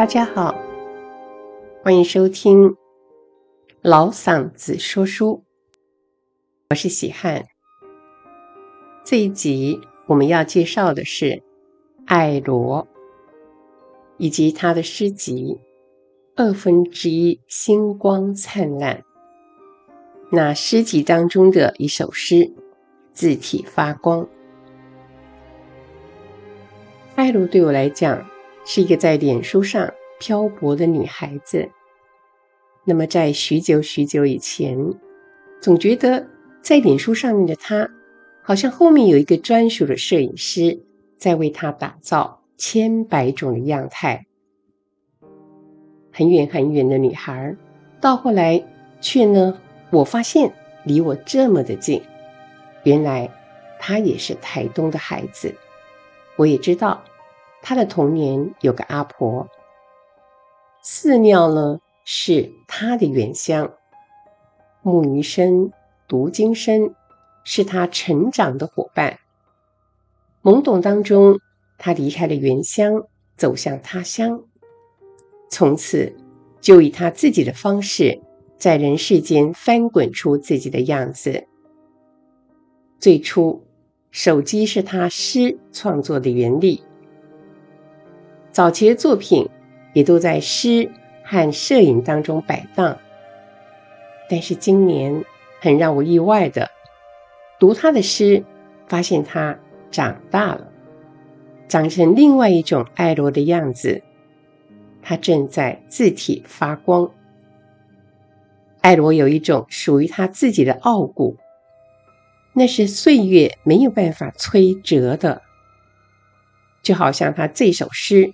大家好，歡迎收聽老嗓子說書，我是喜漢。這一集我們要介紹的是愛羅以及他的詩集《二分之一星光燦爛》。那詩集當中的一首詩，自體發光。愛羅對我來講。是一個在臉書上漂泊的女孩子。那麼，在許久許久以前，總覺得在臉書上面的她，好像後面有一個專屬的攝影師，在為她打造千百種的樣態。很遠很遠的女孩，到後來卻呢，我發現離我這麼的近。原來，她也是台東的孩子，我也知道。他的童年有個阿婆，寺廟呢是他的原鄉，木魚聲、讀經聲是他成長的夥伴。懵懂當中，他離開了原鄉，走向他鄉，從此就以他自己的方式，在人世間翻滾出自己的樣子。最初，手機是他詩創作的原力。早期的作品也都在詩和攝影當中擺盪，但是今年很讓我意外的，讀他的詩，發現他長大了，長成另外一種愛羅的樣子。他正在自體發光。愛羅有一種屬於他自己的傲骨，那是歲月沒有辦法摧折的，就好像他這首詩。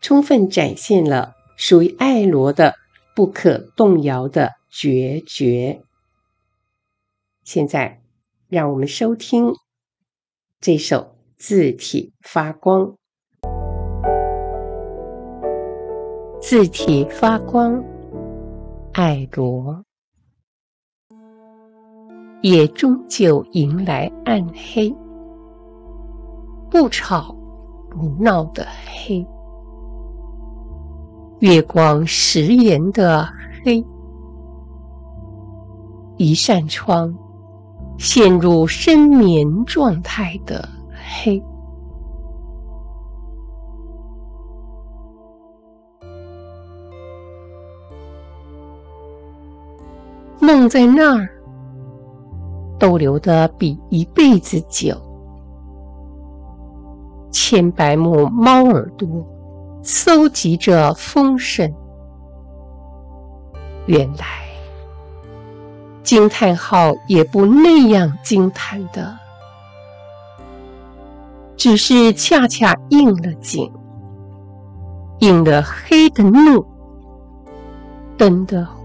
充分展現了屬於愛羅的不可動搖的絕決。現在，讓我們收聽這首《自體發光》。自體發光，愛羅夜終究迎來闇黑，不吵不鬧的黑。月光食言的黑，一扇窗，陷入深眠狀態的黑，夢在那兒逗留得比一輩子久，千百畝貓耳朵。搜集着風聲，原來驚嘆號也不那樣驚嘆的，只是恰恰應了景，應了黑的怒。燈的。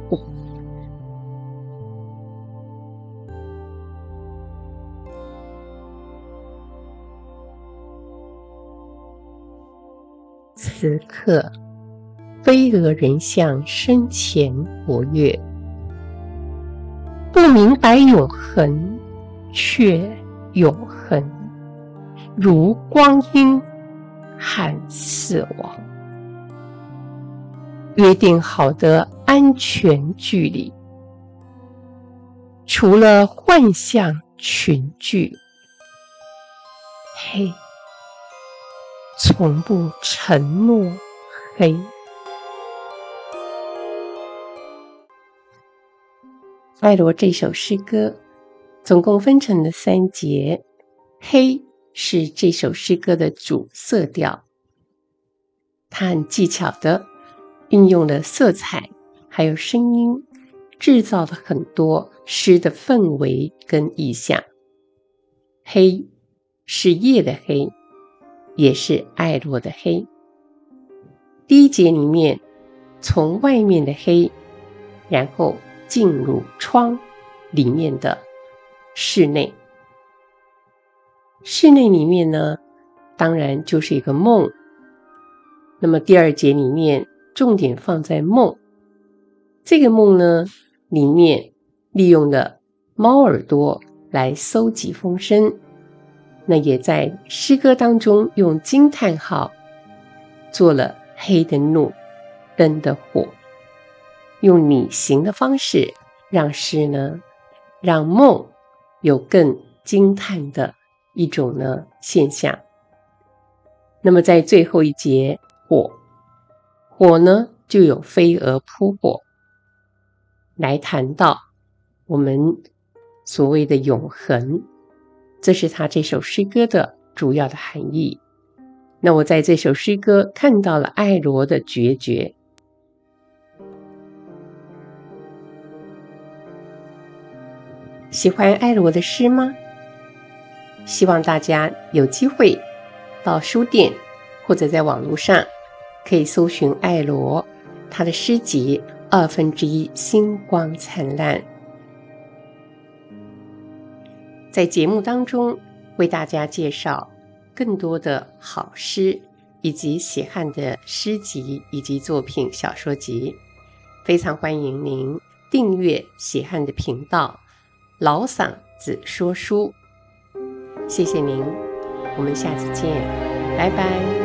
此刻，飛蛾仍像生前活躍，不明白永恆，卻永恆，如光陰和死亡。約定好的安全距離，除了幻象群聚，黑。從不承諾黑。愛羅這首詩歌總共分成了三節。黑是這首詩歌的主色調，它很技巧的運用了色彩，還有聲音，制造了很多詩的氛圍跟意象。黑是夜的黑。也是愛羅的黑。第一節裡面，從外面的黑，然後進入窗裡面的室內。室內裡面呢，當然就是一個夢。那麼第二節裡面，重點放在夢。這個夢呢，裡面利用了貓耳朵來蒐集風聲。那也在詩歌當中用驚嘆號，做了黑的怒，燈的火，用擬形的方式，讓詩呢，讓夢有更驚嘆的一種呢現象。那麼在最後一節火，火呢就有飛蛾撲火，來談到我們所謂的永恆。這是他這首詩歌的主要的含義。那我在這首詩歌看到了愛羅的決絕。喜歡愛羅的詩嗎？希望大家有機會到書店或者在網絡上可以搜尋愛羅他的詩集《二分之一星光燦爛》。在節目當中為大家介紹更多的好詩，以及喜漢的詩集以及作品小說集，非常歡迎您訂閱喜漢的頻道“老嗓子說書”。謝謝您，我們下次見，拜拜。